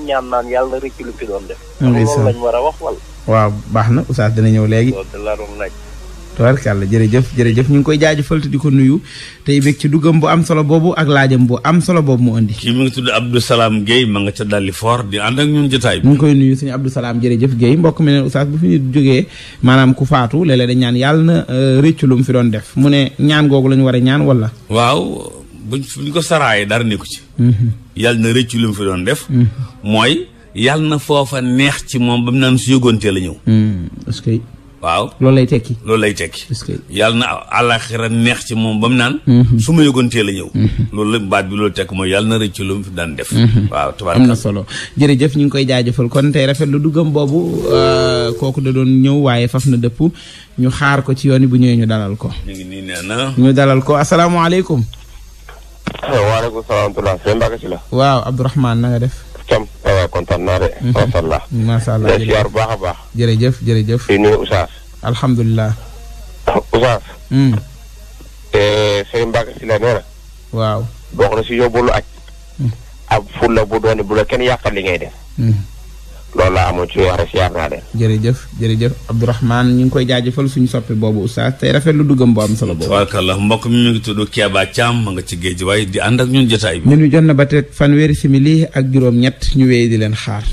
ñaan naan yàlla rëcc lu def. loolu war a wax wala. waaw baax na oustaz dina ñëw léegi. loolu de laaj. tubaarkàlla jërëjëf jërëjëf ñu ngi koy jaajëfal te di ko nuyu tey bég ci duggam bu am solo boobu ak laajam bu am solo boobu mu indi kii mu ngi tudd Abdou Salam géey ma nga ca dalli fort di ànd ak jotaay bi ñu ngi koy nuyu suñu Abdou Salam jërëjëf Guèye mbokk mi neen bu fi jógee maanaam ku faatu léeg-léeg dañ na euh, réccu lu mu fi doon def mu ne ñaan googu la ñu war a ñaan wala waaw buñ buñ ko saraayee dara nekku ci mm-hmm. yàlla na réccu lu mu fi doon def mm-hmm. mooy yàlla na foofa neex ci moom ba mu naan su yëgoontee la ñëw mm-hmm. waaw loolu lay tekki loolu lay tekki yàlla na àllaaxira neex ci moom ba mu naan mhm. su ma yëgoon la a ñëw mhm. loolu la baat bi loolu tekk mooy yàlla na rëcc lu mu fi daan def mhm. waaw tubaab am na solo jërëjëf ñu ngi koy jaajëfal kon tey rafet lu duggam boobu euh, kooku da doon ñëw waaye faf na dëpp ñu xaar ko ci yoon bu ñëwee ñu dalal ko ñu nii nee na ñu dalal ko asalaamaaleykum waaleykum wa rahmatulah la waaw Abdourahmane na def Thiam waaw kontaan naa de. Mhm. macha allah macha allah bu baax a baax. jërëjëf jërëjëf. di nuyu Oustaz. alhamdulilah. Oustaz. Mm. Eh, Serigne Mbacke Sylla nee na. waaw bokk na si yóbbu lu aj mm. ab fulla bu doon bu la kenn yàqal li ngay de mm. loolu laa amoon ci war a siyaar de. jërëjëf jërëjëf Abdourahmane ñu ngi koy jaajëfal suñu soppi boobu oustaz tey rafet lu duggam bu am solo boobu. tabaarkallah mbokk mi mi ngi tudd Keba Thiam ma nga ci géej waaye di ànd ak ñun jotaay bi. ñu jot na ba fan fanweeri simili ak juróom-ñett ñu wéy di leen xaar.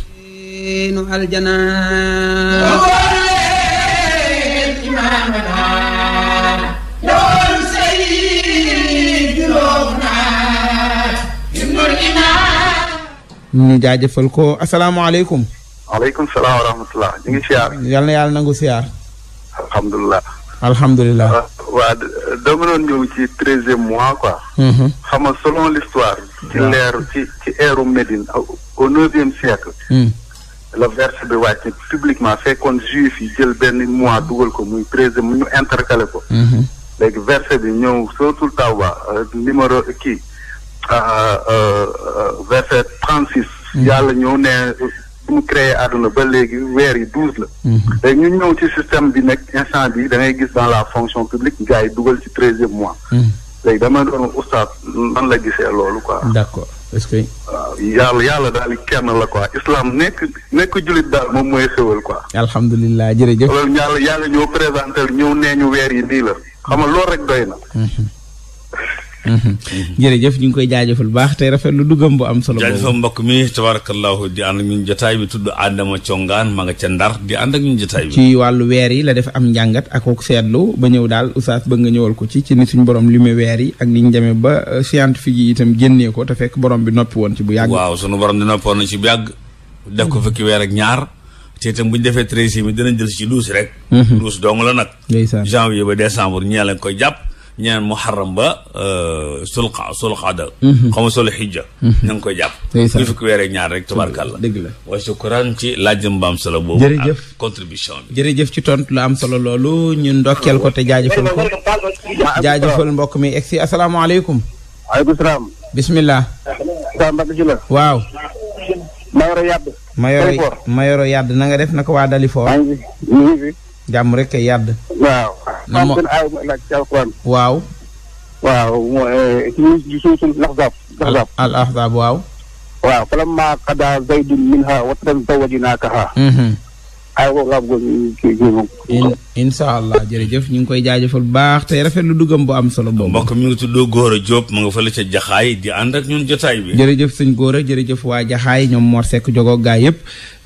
ñu jaajëfal ko asalaamaaleykum. waaleykum salaam wa rahmatulah ñu ngi siyaar. yal na yàlla nangu siyaar. alhamdulilah. alhamdulilah. Ah, waa dama doon ñëw ci treizième mois quoi. Mhm. xam nga selon l'histoire ci leer ci ci eeru Médine au neuvième siècle. Hmm. la verset bi wàcc publiquement fekkoon juif yi jël benn mois dugal ko muy treizième mu ñu intercalé ko. Mhm. léegi bi ñëw sootul Tawba euh, numéro kii euh, euh, verset trente six. Hmm. yàlla ñëw ne. bu mu créé àdduna ba léegi weer yi douze la. Mhm. léegi ñu ñëw ci système bi nag instant bi dangay gis dans la fonction publique gars yi dugal ci treizième mois. Mhm. léegi dama doon oustaz nan la gisee loolu quoi. d'accord est-ce que. waaw yàlla yàlla daal kenn la quoi islam nekk nekk jullit daal moom mooy xéwal quoi. alhamdulilah jërëjëf. loolu yàlla yàlla ñoo présenté ñëw nee ñu weer yi nii la xam nga loolu rek doy na. Mhm. Mm-hmm. jërëjëf ñu ngi koy jaajëfal bu baax tey rafet lu duggam bu am solo boobu jaajëfal mbokk mi tabarakallahu di ànd ak ñun jotaay bi tudd Adama Congaan ma nga ca Ndar di ànd ak ñun jotaay bi ci weer yi la def am njàngat ak ak seetlu ba ñëw daal oustaz ba nga ñëwal ko ci ci suñu borom limee weer yi ak ni ñu demee ba euh, scientifique yi itam génnee ko te fekk borom bi noppi woon ci bu yàgg waaw suñu borom di noppi woon ci bu yàgg def ko fukki weer ak ñaar te itam bu ñu defee treize mi dinañ jël si ci douze rek mm-hmm. douze dong la nag janvier ba décembre lañ koy jàpp ñu naan muharram ba sulqa euh, sulqada mhm. xaw ma sul xijja ñu mhm. ngi koy jàpp ñu fukki weer ak ñaar rek tubarkàlla dëgg la wa ci laajjëm ba am solo boobu jërëjëf contribution bi jërëjëf ci tontu la am solo loolu ñun ndokkeel ko te jaajëfal mbokk mi egsi asalaamaaleykum aleykum salaam bismillah sa mbagg ci la waaw mayoro yàdd mayoro mayoro yàdd na def na ko waa dalifoor jàmm rek kay yàdd. waaw. na ma waaw. waaw mooy eh, ci suuf suuf laxzaab. laxzaab al ahzaab waaw. waaw falammaa qadaa zaydun minhaa wataran zawwajnaakahaa mm-hmm. incha allah jërëjëf ñu ngi koy jaajëfal bu baax tey rafet lu dugam bu am solo boobu. mbokk mi ngi tudd Gora Diop mu nga fële ca Jaxaay di ànd ak ñun jotaay bi. jërëjëf sëñ Gora jërëjëf waa Jaxaay ñoom Mor Seck Jogo gaa yëpp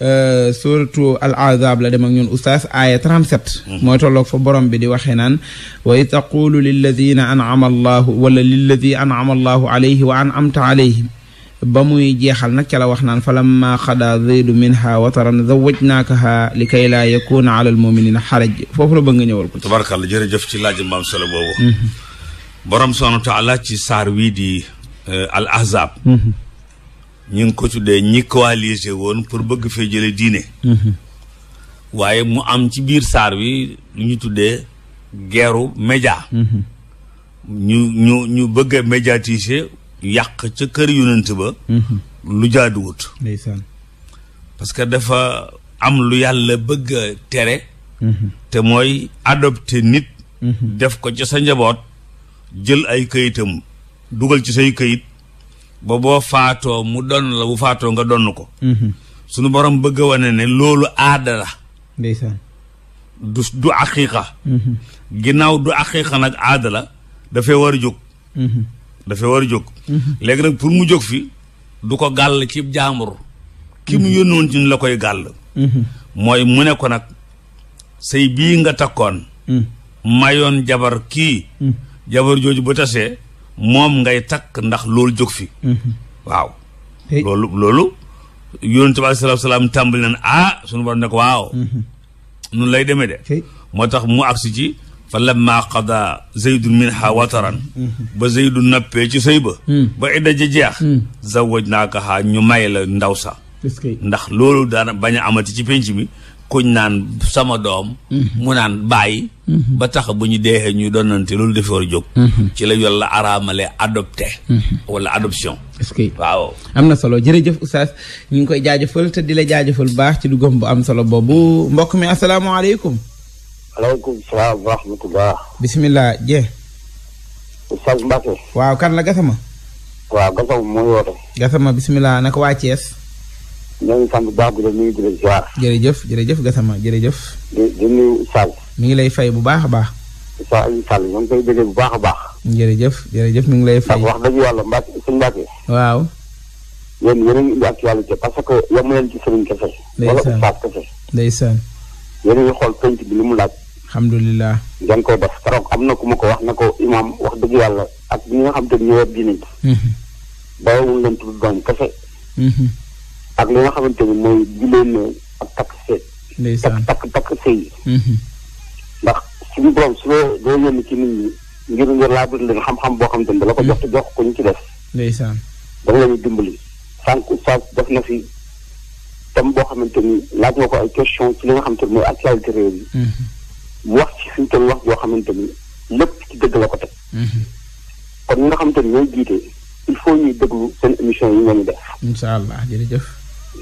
euh, surtout al azab la dem ak ñun oustaz aaya 37. Hmm. mooy tolloog fo borom bi di waxee naan. wa it taqulu lilladina anama allahu wala lilladi anama allahu alayhi wa anamta alayhim ba muy jeexal na ca la wax naan falamma xadaa zaydu minha wataran zawajnaakaha li kay laa yakuna ala al muminina xaraj foofu la bëgg nga ñëwal ko tabarkàlla jërëjëf ci laaj maam solo boobu mhm. borom subhaanahu wa ci saar wii di eh, al ahzab mhm. ngi ko tuddee ñi coalisé woon pour bëgg fee jële diine mhm. waaye mu am ci biir saar wi lu ñu tuddee guerru média ñu ñu ñu bëgg yàq ca kër yonent ba mhm. lu jaaduwut parce que dafa am lu yàlla bëgg tere mhm. te mooy adopté nit mhm. def ko ca sa njaboot jël ay këyitam dugal ci say këyit ba boo faatoo mu donn la bu faatoo nga donn ko suñu borom bëgg wane ne loolu aada la ndeysaan du du ginnaaw du aqiqa nag aada la dafay war jóg dafa war a jóg léegi nag pour mu jóg fi du ko gàll ci jaambur ki mu yónnoon ci ñu la koy gàll mooy mu ne nag sëy bii nga takkoon mayoon jabar kii jabar jooju ba tasee moom ngay takk ndax loolu jóg fi waaw loolu loolu yonent bi alayhi salaam tàmbali nan ah suñu borom ne ko waaw mm-hmm. nun lay deme de moo tax mu agsi ci fa lamma qada zaydun minha wataran ba zaydu nappee ci sëy ba hmm. ba idda ji jeex hmm. zawaj naaka xaa ñu may la ndaw sa ndax loolu daana bañ a amati ci pénc mi kuñ naan sama doom hmm. mu naan bàyyi ba tax bu ñu deexee ñu donante loolu dafa war a jóg ci la yàlla araamale adopté wala adoption est-ce que waaw am na solo jërëjëf oustaz ñu ngi koy jaajëfal te di la jaajëfal baax ci dugam bu am solo boobu mbokk mi asalaamaaleykum aleykum salaam wa rahmatulah. bisimilah Dieng. Oustaz Mbacke. waaw kan la Gassama. waaw Gassama mooy woote. Gassama bisimilah naka waa Thiès. ñoo ngi sant bu baax di la nuyu di la ziar. jërëjëf jërëjëf Gassama jërëjëf. di di nuyu Oustaz. ngi lay fay bu baax a baax. Oustaz Alioune Sall ñoo ngi koy déggee bu baax a baax. jërëjëf jërëjëf mi ngi lay fay. wax dëgg yàlla Mbacke suñu Mbacke. waaw. yéen yéen a ngi indi actualité parce que yamu leen ci sëriñ kese. ndeysaan wala Oustaz a ngi xool penc bi li mu laaj alhamdulilah. ngeen koo def keroog am na ku ma ko wax na ko imaam wax dëgg yàlla ak ñi nga xam te ñu ñëwaat diine ji. Mhm. bàyyiwul leen tudd doom kese. Mhm. ak li nga xamante ni mooy juleen ne ak takk seet. ndeysaan takk takk mhm. ndax suñu borom su loo doo yónni ci nit ñi ngir ngir laa bëgg leen xam-xam boo xam te ni da la ko jox ko ñu ci def. ndeysaan da nga leen dimbali. sànq oustaz def na fi tam boo xamante ni laa nga ko ay question ci li nga xamante ni mooy actualité réew mi. wax ci fi mu toll wax joo xamante ni lépp ci dëgg la ko teg. Mhm. kon ñi nga xamante ni ñooy jiite il faut ñuy déglu seen émission yi ngeen def. incha allah jërëjëf.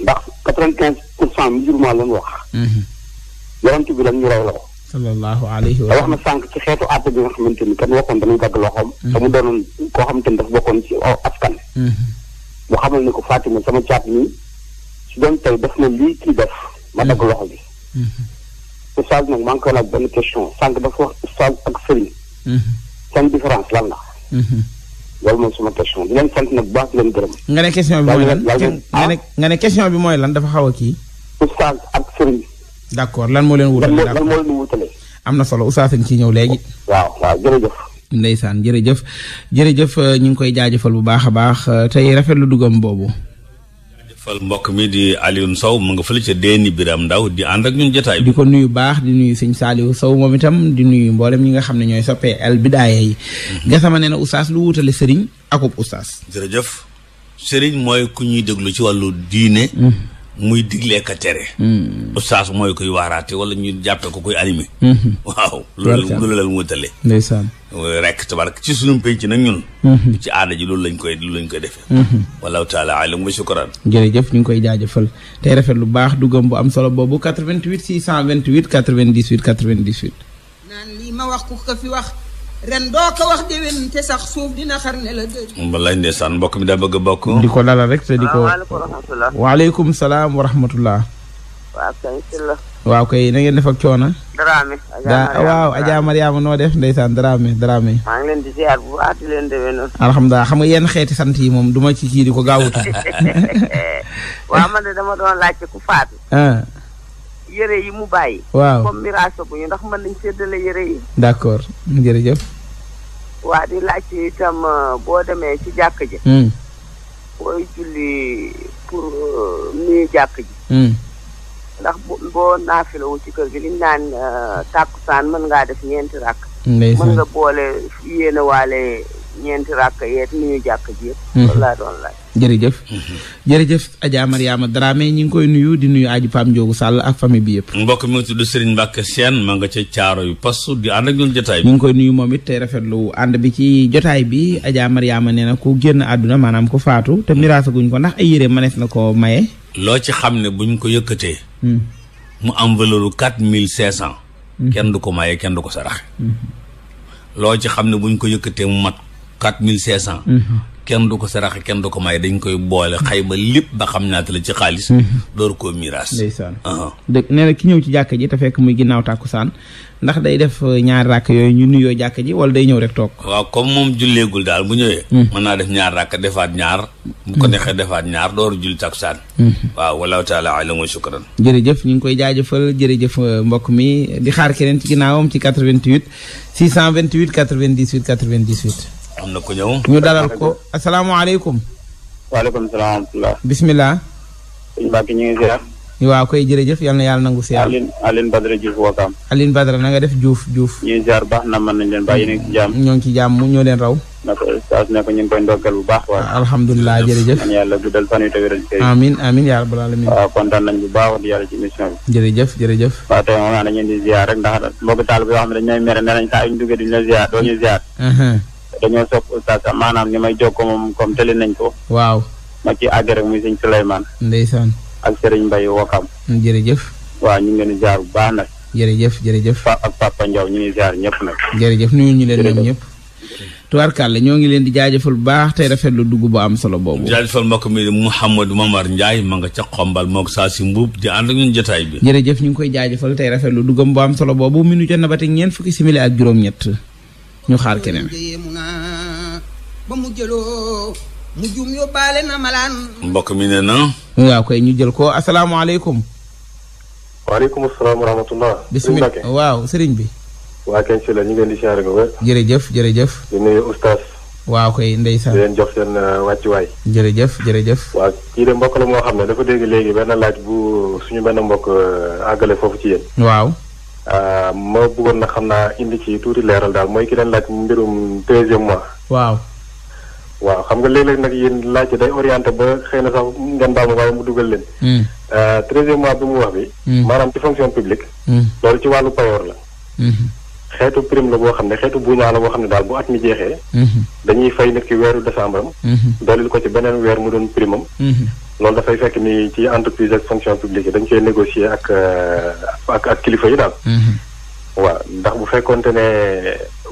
ndax quatre-vingt-quinze pour cent musulman lañ wax. Mhm. yonent bi lañ ñu raw la ko. wa wax na sànq ci xeetu àtte bi nga xamante ni kan waxoon dañuy dagg loxoom. Mhm. te mu doonoon koo xamante ni dafa bokkoon ci askan. mu xamal ne ko Fatima sama caat nii su doon tey def na lii kii def. ma dagg loxo bi. oustaz nag maa ngi ko laaj benn question sànq dafa mhm. lan la. Mhm. loolu mooy suma question di leen bu baax di leen gërëm. nga ne question bi mooy ne nga bi mooy lan dafa xaw a kii. oustaz ak sëriñ. d' accord lan moo leen wutale lan moo leen am na solo oustaz ci ñëw léegi. waaw waaw jërëjëf. ndeysaan jërëjëf jërëjëf ñu ngi koy jaajëfal bu baax a baax tey lu dugam boobu fal mbokk mi di Alioune saw mu nga fële ca Déni Biram Ndaw di ànd ak ñun jotaay bi. di ko nuyu baax di nuyu sëñ Saliou saw moom itam di nuyu mboolem ñi nga xam ne ñooy soppee El Bidaaya yi. Mhm. gasama nee na oustaz lu wutale sëriñ akub oustaz. jërëjëf sëriñ mooy ku ñuy déglu ci wàllu diine. Mhm. muy diglee ka tere. Hmm. oustaz mooy koy waaraate wala ñu jàppe ko koy animé. Hmm. waaw loolu la mu wutale. ndeysaan. rek tabaraka ci sunu penc nag ñun. Hmm. ci aada ji loolu lañ koy defee. wallahu taala alam wa shukran. jërëjëf ñu ngi koy jaajëfal tey rafet lu baax dugam bu am solo boobu 88 628 98 98. naan lii ma wax ku ko fi wax. ren doo a wax déwén te sax suuf dina xar la dëj. walaay mi da bëgg a bokk. di ko dalal rek te di ko. waaw kay si la. na ngeen def ak noo def ndeysaan Dramé Dramé. maa ngi leen xam nga yenn xeeti sant yi moom du ma ci kii ko gaawutu. waaw man de dama doon laajte ku faatu. Ah. yére yi mu bàyyi. waaw comme miraas bu ñu ndax mën nañ séddale yére yi. d'accord jërëjëf. waa di laajte tam euh, boo demee ci jàkk ji hmm. booy julli pour mii euh, jàkk ji hmm. ndax boo naafilawu ci kër gi liñ naan euh, tàkkusaan mën ngaa def ñeenti ràkk mën nga boole yéene waale ñeenti ràkk yeet nuyu jàkk ji yëpp hmm. laa doon laaj jërëjëf jërëjëf Adja Mariama Dramé ñu ngi koy nuyu di nuyu aju Pam Ndiogu sàll ak famille bi yëpp mbokk mi ngi tudd Serigne Mbacke Sène ma nga ca caaro yu pastu di ànd ak ñun jotaay bi ñu ngi koy nuyu moom it tey ànd bi ci jotaay bi Adja Mariama nee na ku génn àdduna maanaam ko faatu te hmm. miraasaguñ ko ndax ay yére mënees na ko maye loo ci xam ne buñ ko yëkkatee hmm. mu am valeur quatre mille cinq hmm. kenn du ko maye kenn du ko saraxe loo ci xam ne buñ ko yëkkatee mu mat quatre mille cinq cent kenn du ko saraxe kenn du ko may dañ koy boole xayma lépp ba xam ñaata la ci xaalis. Mhm. door koo miiraas. ndeysaan dëgg nee na ki ñëw ci jàkka ji te fekk muy ginnaaw tàkkusaan ndax day def euh, ñaar rakk yooyu ñu nuyoo jàkka ji wala day ñëw rek toog. waaw comme moom julleegul daal bu ñëwee. Mhm. mën naa def ñaar ràkk defaat ñaar. mu ko mhm. neexee defaat ñaar door julli tàkkusaan. waaw wallahu taala alam wa shukran. jërëjëf ñu ngi koy jaajëfal jërëjëf euh, mbokk mi di xaar keneen ci ginnaawam ci 88 628 98 98. am na ku ñëw. ñu dalal ko asalaamaaleykum. waaleykum salaam wa rahmatulah. bisimilah. sëñ Mbacke ñu ngi ziar. waaw koy jërëjëf yal na yàlla nangu si yàlla. Aline Aline Badara Diouf Wakaam. Aline Badara na nga ñu ngi baax na mën nañ leen bàyyi ñu ngi ci jàmm. ñoo ngi ci jàmm ñoo leen raw. na ko saa su nekk ñu ngi bu baax. waaw alhamdulilah jërëjëf. man yàlla guddal fan yu te wéral ci yaa rabbal aalamiin. baax di yàlla ci émission bi. jërëjëf jërëjëf. waaw tey moom dañu leen di ziar rek ndax mbokk taal bi yoo xam ne dañu may mere nee nañ saa yu ñu duggee duñu dañoo sopp oustaz sax maanaam ni may jokkoo moom comme tële nañ ko. waaw ma ci àgg rek muy sëñ Souleymane. ndeysaan. ak Serigne Mbaye Wakam. jërëjëf. waaw ñu ngi leen jaar bu baax nag. jërëjëf jërëjëf. ak Papa Ndiaw ñu ngi jaar ñëpp nag. jërëjëf nuyu ñu leen ñoom ñëpp. tubaarkàlla ñoo ngi leen di jaajëfal bu baax tey rafetlu dugg bu am solo boobu jaajëfal mbokk mi Mouhamadou Mamar Ndiaye ma nga ca xombal moog saa si mbuub di ànd ak ñun jotaay bi jërëjëf ñu ngi koy jaajëfal tey rafetlu duggam bu am solo boobu minu jot na ba teg ñeent fukki simili ak juróom-ñett ñu xaar keneen ba mu jëloo mu jum yóbbaale na malaan mbokk mi ne na waaw koy ñu jël ko asalaamaaleykum waaleykum salaam wa rahmatullah bismillah waaw sëriñ bi waa kenn ci la ñu ngi leen di siyaare bu wér jërëjëf jërëjëf di nuyu oustaz waaw koy ndeysaan di leen jox seen euh, wàccuwaay jërëjëf jërëjëf waaw kii de mbokk la moo xam ne dafa dégg léegi benn laaj bu suñu benn mbokk euh, àggale foofu ci yéen waaw Euh, ma bëggoon na xam naa indi ci tuuti leeral daal mooy ki leen laaj mbirum deuxième mois. waaw. waaw xam nga léeg-léeg nag yéen laaj day orienté ba xëy na sax ngeen baal ma waaye mu dugal leen. Hmm. Euh, treizième mois bi mu wax bi. Hmm. maanaam ci fonction publique. Hmm. loolu ci wàllu payoor la. xeetu prime la boo xam ne xeetu buñaa la boo xam ne daal bu at mi jeexee. dañuy fay nit ki weeru décembre am. dolli ko ci beneen weer mu doon prime loolu dafay fekk nii ci entreprise ak fonction publique dañ koy négocier ak euh, ak ak kilifa yi daal. Mhm. waaw ndax bu fekkonte ne.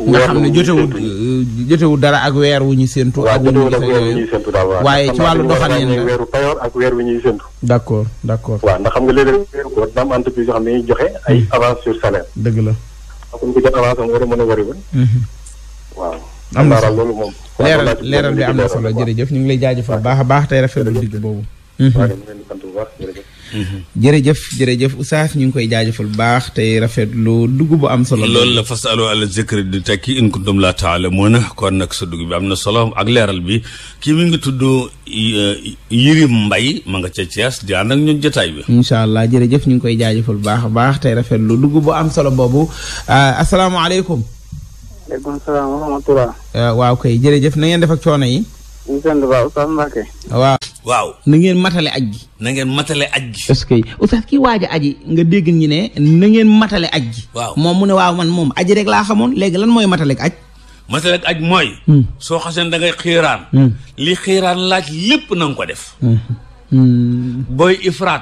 weer xam ne jotewul euh, jotewul dara ak weer wu ñuy séntu. ak wu ñuy daal waaye ci wàllu doxalin la weeru payoor ak weer wu ñuy séntu. d' accord d' accord. waaw ndax xam nga léeg-léeg weeru koor am entreprise yoo xam ne dañuy joxe ay mhm. avance sur salaire. dëgg la. a mën a wari woon. Mhm. waaw. am na moom. leeral leeral bi am na solo jërëjëf ñu ngi lay jaajëfal baax a baax tey rafetlu digg boobu. Mhm. Mhm. jërëjëf jërëjëf Oustaz ñu ngi koy jaajëfal bu baax tey rafetlu dugg bu am solo. loolu la fasalu ala zikri di tekki in kuntum laa taalamuuna kon nag sa dugg bi am na solo ak leeral bi kii mi ngi tudd Yirim Mbay ma nga ca Thiès di ànd ak ñun jotaay bi. incha allah jërëjëf ñu ngi koy jaajëfal bu baax a baax tey rafetlu dugg bu am solo boobu ah, asalaamaaleykum. wa rahmatulah. Eh, waaw kay jërëjëf na ngeen def ak coono yi. ñu sant ba Oustaz waaw. waaw na ngeen matale aj gi. na ngeen matale aj gi. parce que Oustaz kii waaj a aji nga dégg ñi ne na ngeen matale aj gi. waaw moom mu ne waaw man moom aji rek laa xamoon léegi lan mooy matale aj. matale aj mooy. Hmm. soo xasee da ngay xiiraan. Hmm. li xiiraan laaj lépp na nga ko def. Hmm. booy ifraat.